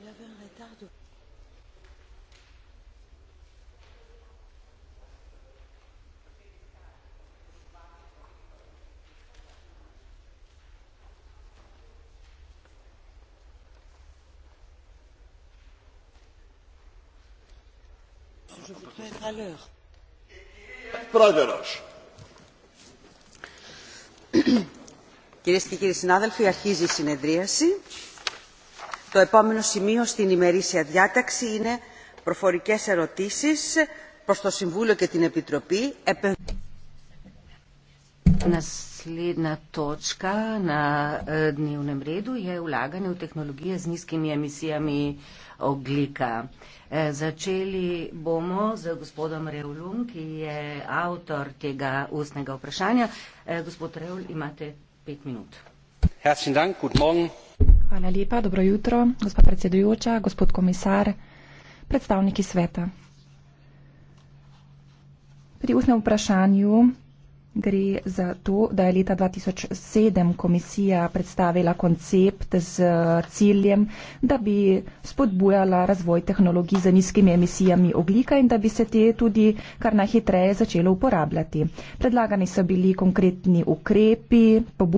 Il avait un retard de... Je vous prendrai à l'heure. Prends de l'âge. Κυρίες και κύριοι συνάδελφοι, αρχίζει η συνεδρίαση. Το επόμενο σημείο στην ημερήσια διάταξη είναι προφορικές ερωτήσεις προς το Συμβούλιο και την Επιτροπή. Naslednja točka na eh, dnevnem redu je vlaganje v tehnologije z nizkimi emisijami oglika. Eh, začeli bomo z gospodom Reulum, ki je avtor tega ustnega vprašanja. Eh, gospod Reul, imate pet minut. Hvala lepa, dobro jutro, gospod predsedujoča, gospod komisar, predstavniki sveta. Pri ustnem vprašanju Gre za to, da je leta 2007 komisija predstavila koncept z eh, ciljem, da bi spodbujala razvoj tehnologij z nizkimi emisijami oglika in da bi se te tudi kar najhitreje začelo uporabljati. Predlagani so bili konkretni ukrepi.